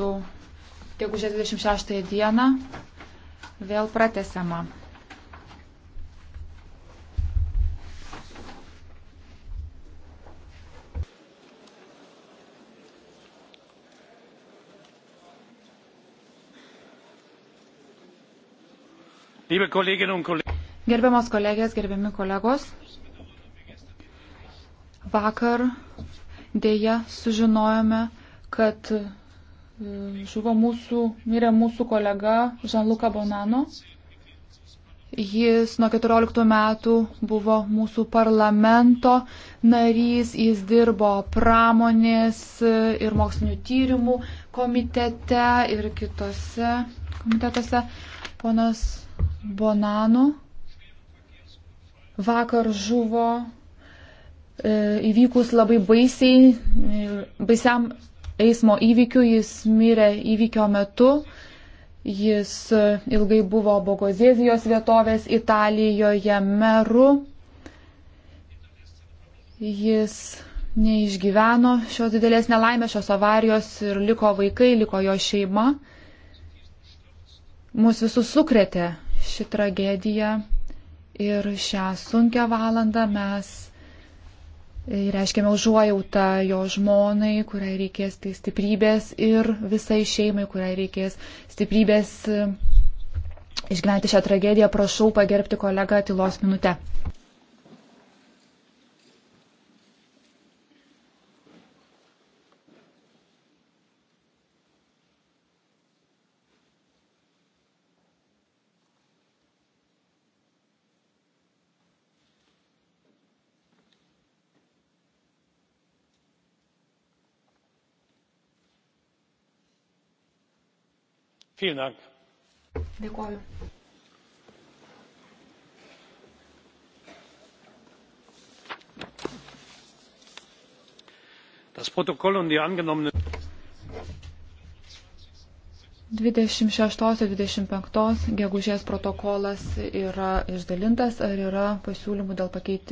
metų gegužės 26 dieną vėl pratesiama. Gerbiamos kolegės, gerbiami kolegos, vakar dėja sužinojome, kad žuvo mūsų, mirė mūsų kolega Žanluka Bonano. Jis nuo 14 metų buvo mūsų parlamento narys, jis dirbo pramonės ir mokslinių tyrimų komitete ir kitose komitetuose. Ponas Bonanu vakar žuvo e, įvykus labai baisiai, e, baisiam eismo įvykių, jis mirė įvykio metu. Jis e, ilgai buvo Bogozėzijos vietovės Italijoje meru. Jis neišgyveno šios didelės nelaimės, šios avarijos ir liko vaikai, liko jo šeima. Mūsų visus sukretė ši tragedija ir šią sunkę valandą mes Tai reiškiame užuojautą jo žmonai, kuriai reikės tai stiprybės ir visai šeimai, kuriai reikės stiprybės e, išgyventi šią tragediją. Prašau pagerbti kolegą tylos minutę. Dėkuoju. das protokoll und die angenommenen dvidešimt šeštos ir dvidešimt penktos gegužės protokolas yra išdalintas ar yra pasiūlymų dėl pakeitimų